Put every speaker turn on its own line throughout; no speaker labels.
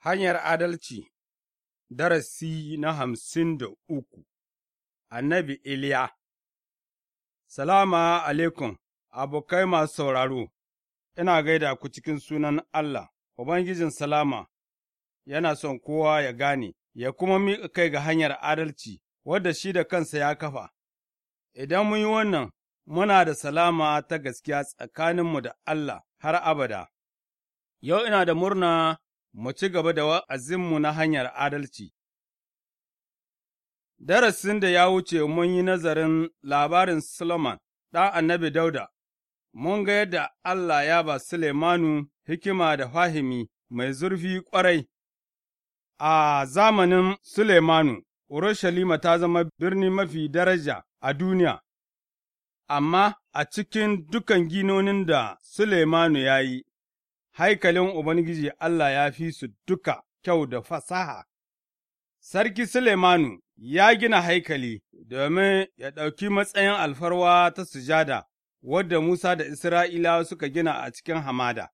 Hanyar Adalci Darasi na hamsin da uku Annabi Iliya Salama alaikum, abokai masu sauraro, ina gaida ku cikin sunan Allah, Ubangijin Salama, yana son kowa ya gane, ya kuma miƙa kai ga hanyar adalci, wadda shi da kansa ya kafa. Idan mun yi wannan, muna da salama ta gaskiya tsakaninmu da Allah har abada. Yau ina da murna mu ci gaba da wa'azinmu na hanyar adalci. Darasin da ya wuce mun yi nazarin labarin Solomon, ɗan annabi Dauda, mun ga yadda Allah ya ba Sulemanu hikima da fahimi mai zurfi ƙwarai. A zamanin Sulemanu, Urushalima ta zama birni mafi daraja a duniya, amma a cikin dukan ginonin da Sulemanu ya yi, haikalin Ubangiji Allah ya fi su duka kyau da fasaha. Sarki sulemanu ya gina haikali domin ya ɗauki matsayin alfarwa ta sujada wadda Musa da Isra'ila suka gina a cikin hamada.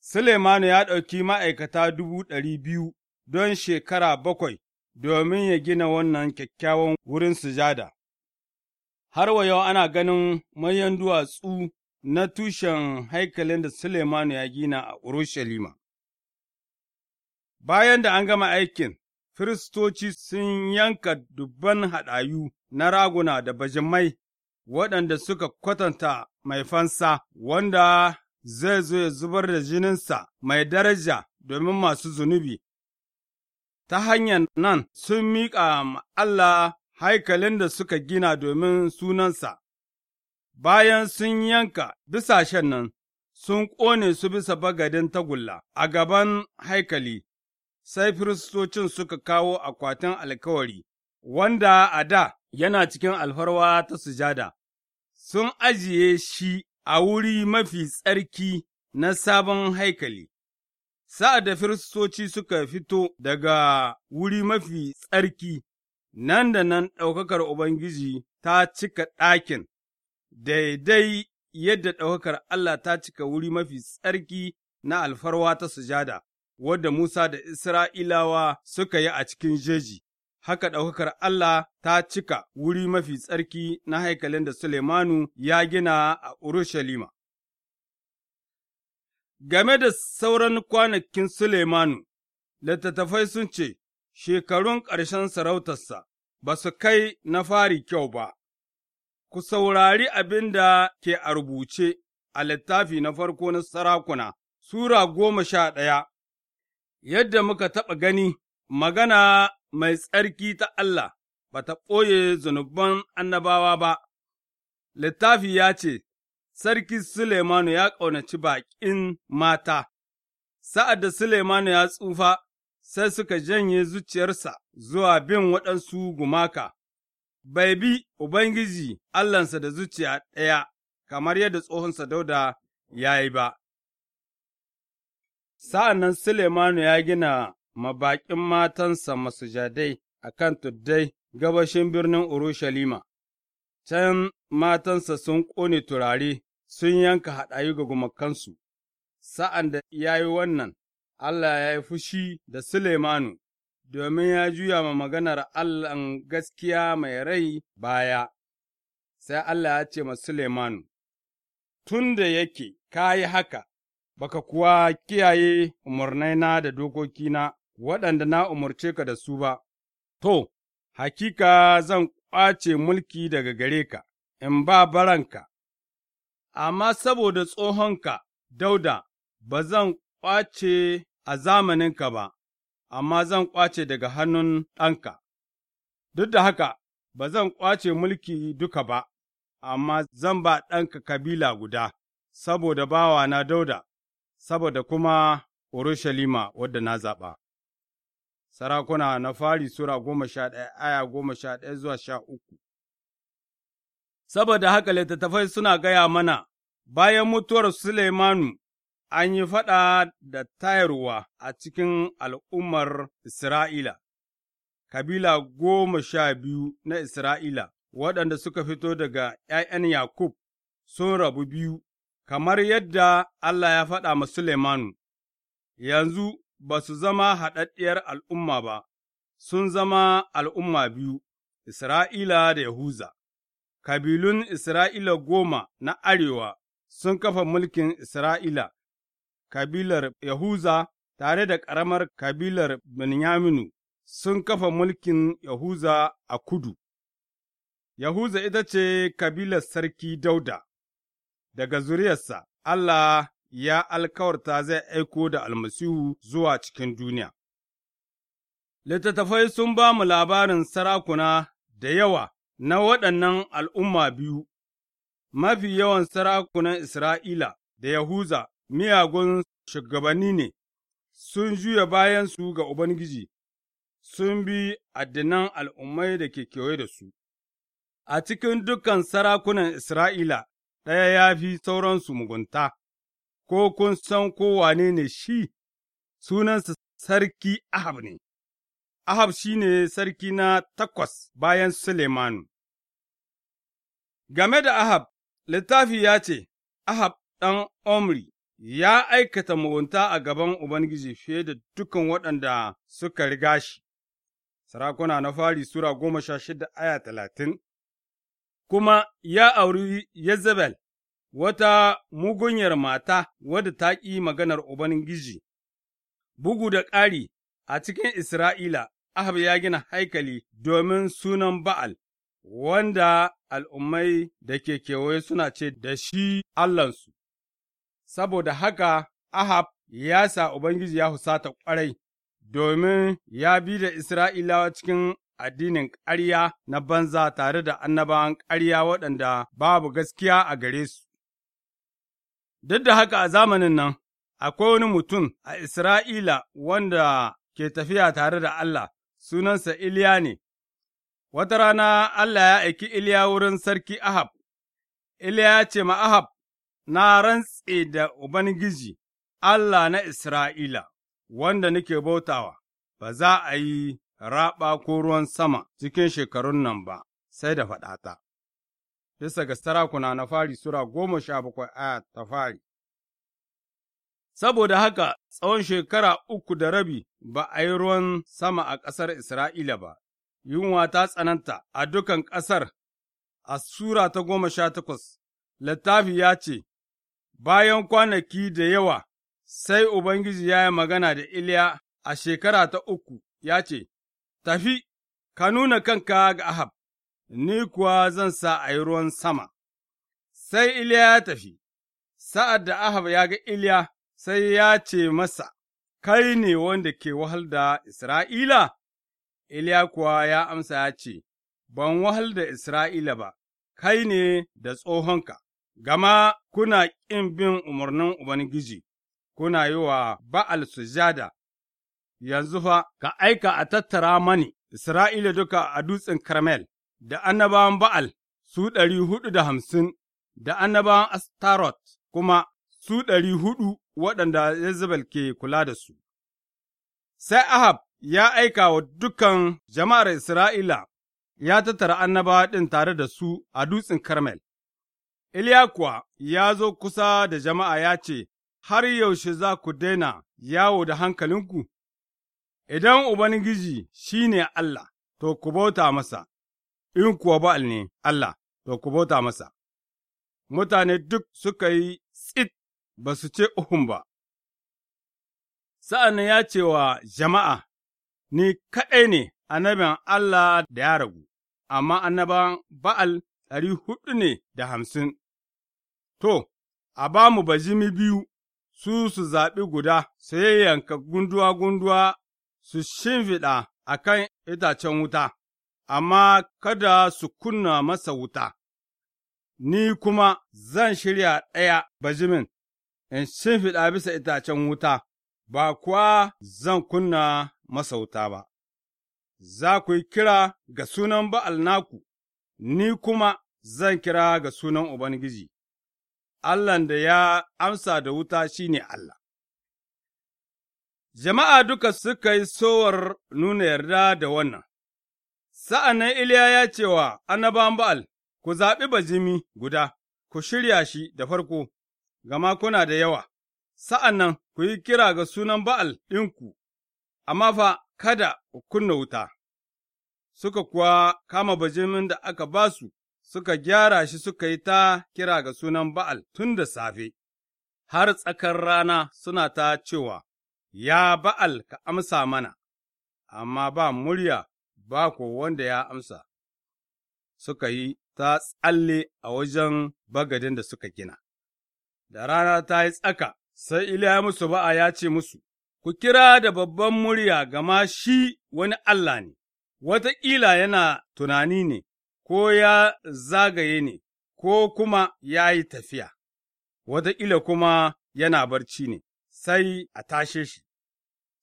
Suleimanu ya ɗauki ma'aikata dubu ɗari biyu don shekara bakwai domin ya gina wannan kyakkyawan wurin sujada. Har wa yau ana ganin manyan duwatsu na tushen haikalin da Suleimanu ya gina a Urushalima. Bayan da an gama aikin, Firistoci sun yanka dubban haɗayu na raguna da bajimai waɗanda suka kwatanta mai fansa wanda zai zo ya zubar da jininsa mai daraja domin masu zunubi. Ta hanyar nan sun miƙa Allah haikalin da suka gina domin sunansa. bayan sun yanka bisashen nan, sun ƙone su bisa bagadin tagulla a gaban haikali, sai firistocin suka kawo akwatin alkawari, wanda a da yana cikin alfarwa ta sujada, sun ajiye shi a wuri mafi tsarki na sabon haikali. Sa'ad da firistoci suka fito daga wuri mafi tsarki, nan da nan ɗaukakar Ubangiji ta cika ɗakin daidai yadda ɗaukakar Allah ta cika wuri mafi tsarki na alfarwa ta sujada, wadda Musa da Isra'ilawa suka yi a cikin jeji, haka ɗaukakar Allah ta cika wuri mafi tsarki na haikalin da Suleimanu ya gina a Urushalima. Game da sauran kwanakin Suleimanu, littattafai sun ce, shekarun ƙarshen sarautarsa ba su kai na fari kyau ba. ku saurari abin da ke a rubuce a littafi na farko na sarakuna, Sura goma sha ɗaya, yadda muka taɓa gani, magana mai tsarki ta Allah ba ta ɓoye zunuban annabawa ba, littafi ya ce, Sarki Suleimanu ya ƙaunaci baƙin mata, sa'ad da Suleimanu ya tsufa, sai suka janye zuciyarsa zuwa bin waɗansu gumaka. bai bi Ubangiji Allahnsa da zuciya ɗaya kamar yadda tsohonsa dauda ya yi ba. Sa'an nan Sulemanu ya gina mabaƙin matansa masujadai a kan tuddai gabashin birnin Urushalima, can matansa sun ƙone turare sun yanka haɗayu ga gumakansu, sa'an da ya yi wannan, Allah ya yi fushi da Sulemanu. domin ya juya ma maganar Allahn gaskiya mai rai baya, sai Allah ya ce ma suleiman Tun da yake ka yi haka, baka kuwa kiyaye umarnaina da dokokina waɗanda na umarce ka da su ba, to, hakika zan ƙwace mulki daga gare ka, in ba baranka, amma saboda tsohonka, dauda, ba zan ƙwace a zamaninka ba. amma zan kwace daga hannun ɗanka, duk da haka ba zan ƙwace mulki duka ba, amma zan ba ɗanka kabila guda, saboda bawa na Dauda, saboda kuma Urushalima wadda na zaɓa. Sarakuna na fari Sura goma sha ɗaya aya goma sha ɗaya zuwa sha uku. Saboda haka littattafai suna gaya mana, bayan mutuwar Suleimanu, an yi faɗa da tayarwa a cikin al'ummar Isra'ila, kabila goma sha biyu na Isra'ila waɗanda suka fito daga ’ya'yan Yakub sun rabu biyu, kamar yadda Allah ya faɗa ma Suleimanu, yanzu ba su zama haɗaɗɗiyar al'umma ba, sun zama al'umma biyu, Isra'ila da Yahuza. Kabilun Isra'ila goma na arewa sun kafa mulkin Isra'ila. kabilar Yahuza tare da ƙaramar kabilar Benyaminu sun kafa mulkin Yahuza a kudu. Yahuza ita ce kabilar Sarki Dauda, daga zuriyarsa Allah ya alkawarta zai aiko da almasihu zuwa cikin duniya. Littattafai sun ba mu labarin sarakuna da yawa na waɗannan al'umma biyu, mafi yawan sarakunan Isra'ila da Yahuza miyagun shugabanni ne, sun juya bayansu ga Ubangiji, sun bi addinan al'ummai da ke kewaye da su. A cikin dukan sarakunan Isra'ila, ɗaya ya fi sauransu mugunta, ko kun san kowane ne shi, sunansa sarki Ahab ne. Ahab shi ne sarki na takwas bayan sulemanu. Game da Ahab, littafi ya ce, Ahab ɗan Omri ya aikata mugunta a gaban Ubangiji fiye da dukan waɗanda suka riga shi. Sarakuna na fari Sura goma sha shida aya talatin Kuma ya auri Yezebel, wata mugunyar mata wadda ta ƙi maganar Ubangiji, bugu da ƙari a cikin Isra'ila, Ahab ya gina haikali domin sunan Ba'al, wanda al'ummai da ke kewaye suna ce da shi Allahnsu. saboda haka Ahab ya sa Ubangiji ya husata ƙwarai, domin ya bi da Isra'ilawa cikin addinin ƙarya na banza tare da annabawan ƙarya waɗanda babu gaskiya a gare su. Duk da haka a zamanin nan, akwai wani mutum a Isra'ila wanda ke tafiya tare da Allah, sunansa Iliya ne, wata rana Allah ya aiki Iliya wurin sarki Ahab, Iliya ya ce ma Ahab, na rantse da Ubangiji, Allah na Isra'ila, wanda nake bautawa, ba za a yi raɓa ko ruwan sama cikin shekarun nan ba, sai da faɗata. Bisa ga sarakuna na fari Sura goma sha bakwai aya ta fari. Saboda haka tsawon shekara uku da rabi ba a yi ruwan sama a ƙasar Isra'ila ba, yunwa ta tsananta a dukan ƙasar, a Sura ta goma sha takwas, littafi ya ce, Bayan kwanaki da yawa, sai Ubangiji ya yi magana da Iliya a shekara ta uku, ya ce, Tafi, ka nuna kanka ga Ahab, ni kuwa zan sa a yi ruwan sama. Sai Iliya ya tafi, sa'ad da Ahab ya ga Iliya, sai ya ce masa, Kai ne wanda ke wahal da Isra'ila? Iliya kuwa ya amsa ya ce, Ban wahal da Isra'ila ba, kai ne da tsohonka, gama kuna ƙin bin umarnin Ubangiji, kuna yi wa Ba'al sujada, yanzu fa ka aika a tattara mani Isra'ila duka a dutsen Karmel, da annabawan Ba'al su ɗari huɗu da hamsin, da annabawan Astarot kuma su ɗari huɗu waɗanda Yezebel ke kula da su. Sai Ahab ya aika wa dukan jama'ar Isra'ila, ya tattara annabawa ɗin tare da su a dutsen Karmel. Iliya kuwa ya zo kusa da jama'a ya ce, Har yaushe za ku daina yawo da hankalinku? Idan Ubangiji shi ne Allah, to ku bauta masa, in kuwa Ba'al ne Allah, to ku bauta masa. Mutane duk suka yi tsit ba su ce uhun ba. Sa'an ya ce wa jama'a, Ni kaɗai ne annabin Allah da ya ragu, amma annaban Ba'al ɗari huɗu ne da hamsin. To, a ba mu bajimi biyu, su su zaɓi guda, sai yanka gunduwa-gunduwa su shimfiɗa a kan itacen wuta, amma kada su kunna masa wuta. Ni kuma zan shirya ɗaya bajimin, in shimfiɗa bisa itacen wuta, ba kuwa zan kunna masa wuta ba. Za ku yi kira ga sunan Ba'al naku, ni kuma zan kira ga sunan Ubangiji, Allahn da ya amsa da wuta shi ne Allah. Jama'a duka suka yi sowar nuna yarda da wannan, sa'an nan Iliya ya ce wa Ba'al, Ku zaɓi bajimi guda, ku shirya shi da farko, gama kuna da yawa, sa'an nan ku yi kira ga sunan Ba'al ɗinku, amma fa kada ku kunna wuta. suka kuwa kama bajimin da aka ba su, suka gyara shi suka yi ta kira ga sunan Ba'al tun da safe, har tsakar rana suna ta cewa, Ya Ba'al ka amsa mana, amma ba murya ba ko wanda ya amsa, suka yi ta tsalle a wajen bagadin da suka gina. Da rana ta yi tsaka, sai Iliya musu ba'a ya ce musu, Ku kira da babban murya gama shi wani Allah ne. wataƙila yana tunani ne, ko ya zagaye ne, ko kuma ya yi tafiya, wataƙila kuma yana barci ne, sai a tashe shi.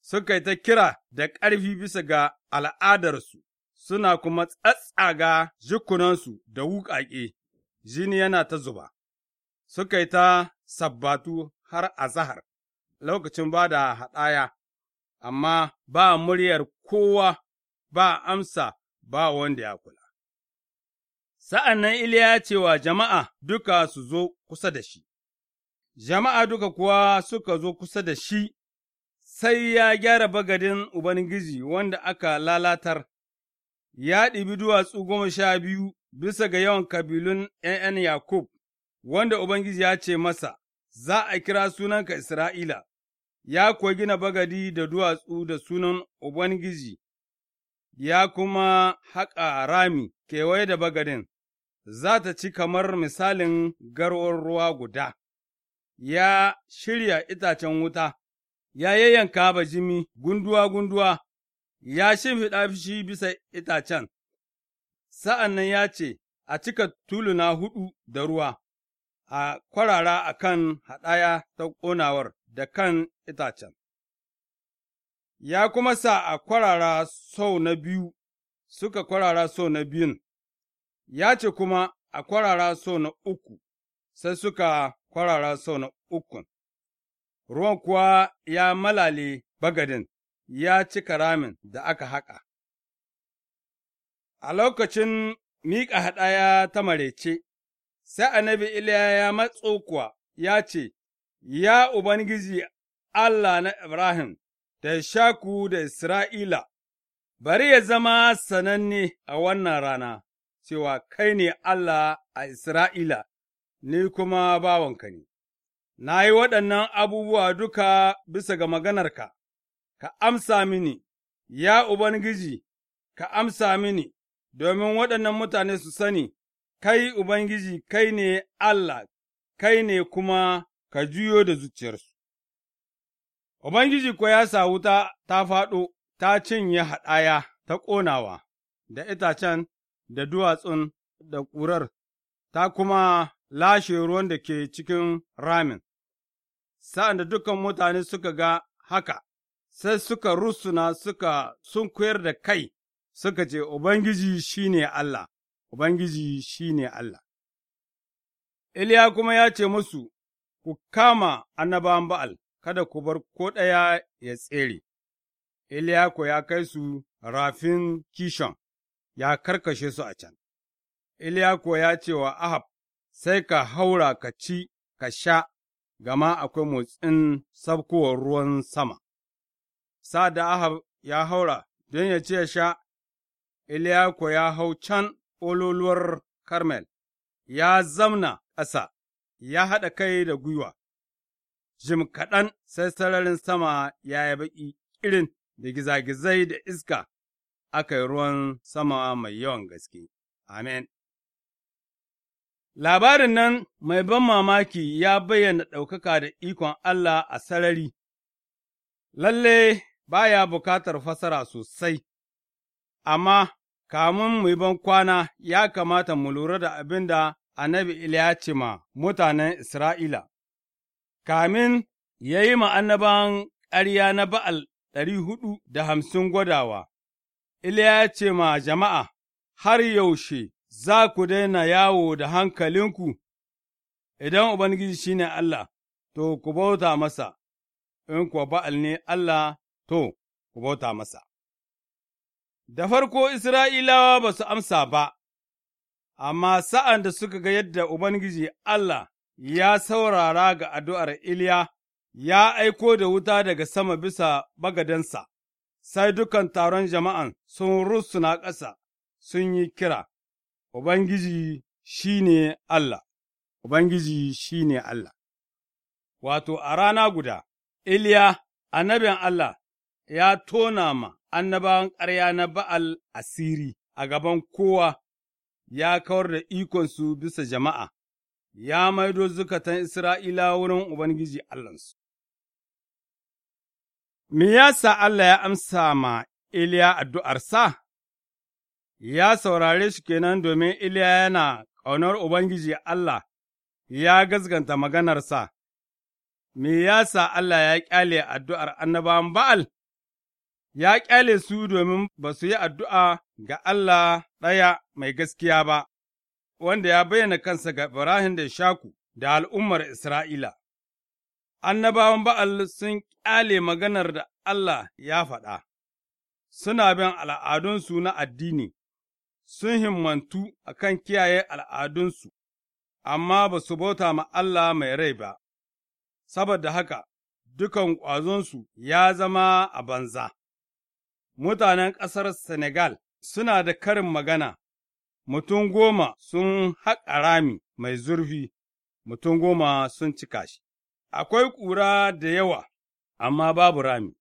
Suka yi ta kira da ƙarfi bisa ga al'adarsu, suna kuma tsatsaga jikunansu da wuƙaƙe, jini yana ta zuba. Suka yi ta sabbatu har azahar, lokacin ba da haɗaya, amma ba muryar kowa ba amsa ba wanda ya kula. Sa'an nan Iliya ya ce wa jama'a duka su zo kusa da shi, jama'a duka kuwa suka zo kusa da shi, sai ya gyara bagadin Ubangiji wanda aka lalatar, ya ɗibi duwatsu goma sha biyu bisa ga yawan kabilun ’ya'yan Yakub, wanda Ubangiji ya ce masa, Za a kira sunanka Isra'ila, ya kuwa gina bagadi da duwatsu da sunan Ubangiji ya kuma haƙa rami kewaye da bagadin, za ta ci kamar misalin garwar ruwa guda, ya shirya itacen wuta, ya yayyanka jimi gunduwa-gunduwa, ya shimfiɗa shi bisa itacen, sa'an nan ya ce, A cika tuluna huɗu da ruwa, a kwarara a kan haɗaya ta ƙonawar da kan itacen. ya kuma sa a kwarara sau na biyu, suka kwarara sau na biyun, ya ce kuma a kwarara sau na uku, sai suka kwarara sau na ukun. Ruwan kuwa ya malale bagadin, ya cika ramin da aka haƙa. A lokacin miƙa haɗaya ta marece, sai annabi Iliya ya matso kuwa ya ce, Ya Ubangiji Allah na Ibrahim, da shaku da Isra'ila, bari ya zama sananne a wannan rana, cewa kai ne Allah a Isra'ila, ni kuma bawanka ne. Na yi waɗannan abubuwa duka bisa ga maganarka, ka amsa mini, ya Ubangiji, ka amsa mini, domin waɗannan mutane su sani, kai Ubangiji, kai ne Allah, kai ne kuma ka juyo da zuciyarsu. Ubangiji kuwa ya sa wuta ta faɗo, ta cinye haɗaya ta ƙonawa, da itacen, da duwatsun, da ƙurar, ta kuma lashe ruwan da ke cikin ramin. Sa'an da dukan mutane suka ga haka, sai suka rusuna suka sun koyar da kai, suka ce, Ubangiji shi ne Allah, Ubangiji shi ne Allah. Iliya kuma ya ce musu, Ku kama annabawan Ba'al. kada ku bar ko ɗaya ya tsere. Iliya ya kai su rafin Kishon, ya karkashe su a can. Iliya ya ce wa Ahab, sai ka haura ka ci, ka sha, gama akwai motsin sabkowar ruwan sama. Sa da Ahab ya haura don ya ce sha, Iliya ya hau can ololuwar Karmel, ya zamna ƙasa, ya haɗa kai da gwiwa, jim kaɗan sai sararin sama ya yi baƙi irin da gizagizai da iska, aka yi ruwan sama mai yawan gaske. Amen. Labarin nan mai ban mamaki ya bayyana ɗaukaka da ikon Allah a sarari, lalle baya bukatar fasara sosai, amma kamun mai ban kwana ya kamata mu lura da abin da annabi Iliya ce ma mutanen Isra'ila. kamin ya yi ma’annaban ƙarya na Ba'al ɗari huɗu da hamsin gwadawa, Iliya ya ce ma jama'a, Har yaushe za ku daina yawo da hankalinku, idan Ubangiji shi ne Allah, to, ku bauta masa, in kuwa Ba'al ne Allah, to, ku bauta masa. Da farko Isra'ilawa ba su amsa ba, amma sa'an da suka ga yadda Ubangiji Allah ya saurara ga addu'ar Iliya, ya aiko da wuta daga sama bisa bagadansa, sai dukan taron jama'an sun rusuna ƙasa, sun yi kira, Ubangiji shi ne Allah, Ubangiji shi ne Allah. Wato, a rana guda, Iliya, annabin Allah, ya tona ma annabawan ƙarya na Ba'al asiri a gaban kowa, ya kawar da ikonsu bisa jama'a. ya maido zukatan Isra'ila wurin Ubangiji Allahnsu. Me ya sa Allah ya amsa ma Iliya addu'arsa? Ya saurare shi kenan domin Iliya yana ƙaunar Ubangiji Allah, ya gazganta maganarsa. Me ya sa Allah ya ƙyale addu'ar annabawan Ba'al? Ya ƙyale su domin ba su yi addu'a ga Allah ɗaya mai gaskiya ba. wanda ya bayyana kansa ga Ibrahim da Shaku da al'ummar Isra'ila. Annabawan Ba'al sun ƙyale maganar da Allah ya faɗa, suna bin al'adunsu na addini, sun himmantu a kan kiyaye al'adunsu, amma ba su bauta ma Allah mai rai ba, saboda haka dukan ƙwazonsu ya zama a banza. Mutanen ƙasar Senegal suna da karin magana mutum goma sun haƙa rami mai zurfi, mutum goma sun cika shi, akwai ƙura da yawa, amma babu rami.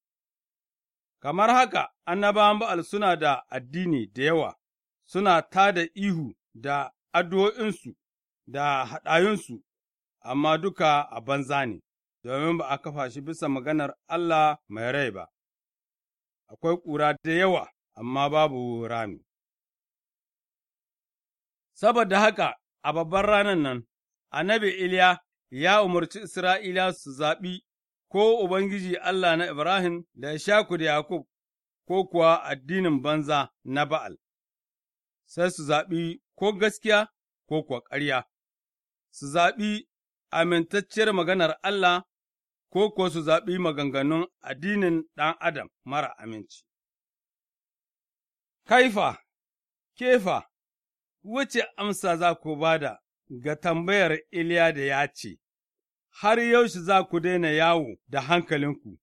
Kamar haka, annabawan Ba'al suna da addini da yawa, suna ta da ihu da addu'o'insu da haɗayunsu, amma duka a banza ne, domin ba a kafa shi bisa maganar Allah mai rai ba. Akwai ƙura da yawa, amma babu rami. Saboda haka, a babban ranan nan, annabi Iliya ya umarci Isra'ila su zaɓi ko Ubangiji Allah na Ibrahim da Ishaku da Yakub ko kuwa addinin banza na Ba'al, sai su zaɓi ko gaskiya ko kuwa ƙarya, su zaɓi amintacciyar maganar Allah ko kuwa su zaɓi maganganun addinin ɗan Adam mara aminci. Kaifa, kefa, wuce amsa za ku da ga tambayar Iliya da ya ce, Har yaushe za ku daina yawo da hankalinku,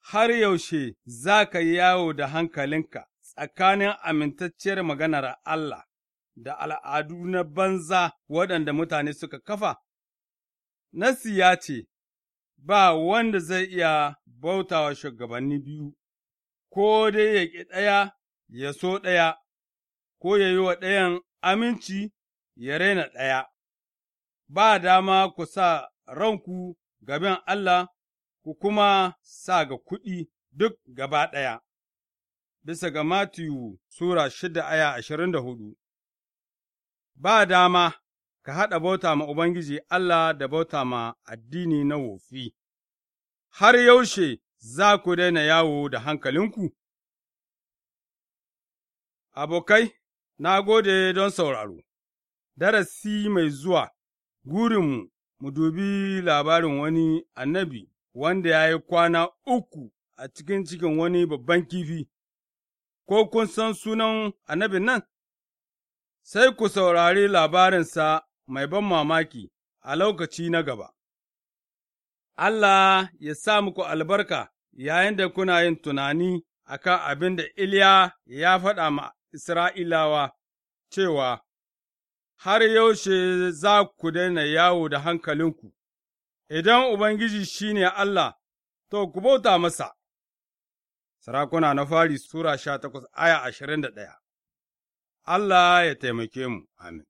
har yaushe za ka yawo da hankalinka tsakanin amintacciyar maganar Allah da al'adu na banza waɗanda mutane suka kafa? Nasi ya ce, Ba wanda zai iya bautawa shugabanni biyu, ko dai ya ƙi ɗaya ya so ɗaya, ko ya yi wa ɗayan aminci ya raina ɗaya, ba dama ku sa ranku gaban Allah ku kuma sa ga kuɗi duk gaba ɗaya, bisa ga Matiyu Sura shida aya ashirin da hudu. Ba dama ka haɗa bauta ma Ubangiji Allah da bauta ma addini na wofi, har yaushe za ku daina yawo da hankalinku? Abokai, na gode don sauraro, darasi mai zuwa, gurinmu mu dubi labarin wani annabi wanda ya yi kwana uku a cikin cikin wani babban kifi, ko kun san sunan annabi nan? Sai ku saurari labarinsa mai ban mamaki a lokaci na gaba. Allah ya sa muku albarka yayin da kuna yin tunani a kan abin da Iliya ya faɗa ma Isra'ilawa cewa, Har yaushe za ku daina yawo da hankalinku, idan Ubangiji shi ne Allah, to, ku bauta masa. Sarakuna na fari Sura sha takwas aya ashirin da ɗaya Allah ya taimake mu, amin.